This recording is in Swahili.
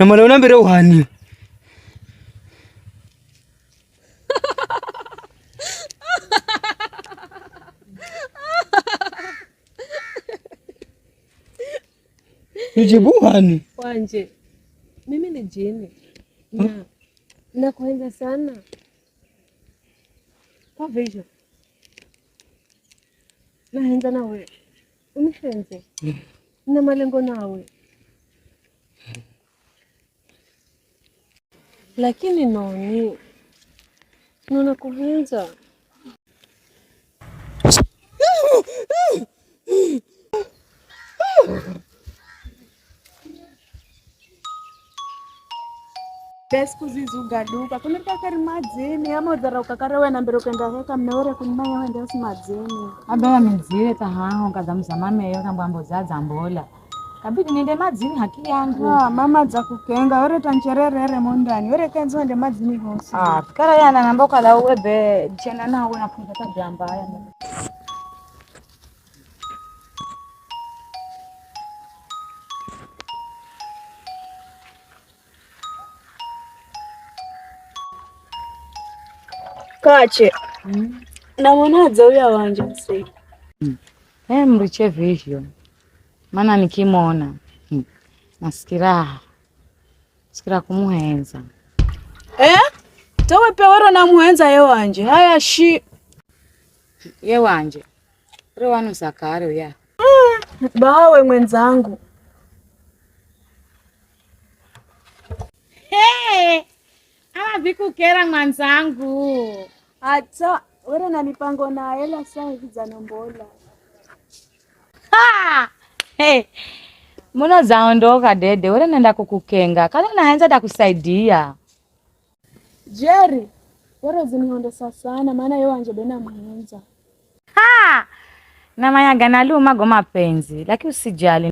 na malaw na biro honey. Nijibu honey. Wanje. Mimi ni jini. Na huh? nakuenza sana. Kwa vision. Naenza nawe. Unishenze. Hmm. Na malengo nawe. Lakini Noni, nona kuvunja tesikuzizugaduka kunirikakari madzini amaudzara ukakarawe nambere ukendareka mnaore kunimanya wendeusi madzini abela midzire tahahonga zamuzamameyo kambwambo dzadzambola kabidi niende madzini haki yangu ah, mama dza kukenga were tanchererere mondani were kenzi wende madzini hosi ah, pikara yana namboka la uwebe jena nawe nafunza ta jamba yana kache mm. namwanadza uya wanje msei mm. emriche vihyo maana nikimwona hmm, nasikiraha sikira kumuhenza eh? towe namuhenza ye wanje haya shi ye wanje rewanusakare ya mm, bawe mwenzangu hey, awavikukera mwanzangu ata wero na mipango na hela saa hivi nombola hey. Eh, Muno zaondoka dede, uri nenda kukukenga kala naenza dakusaidia Jerry wero zinihondesa sana maana yo wanje bena mwenza namanyaga ganalu go mapenzi lakini usijali.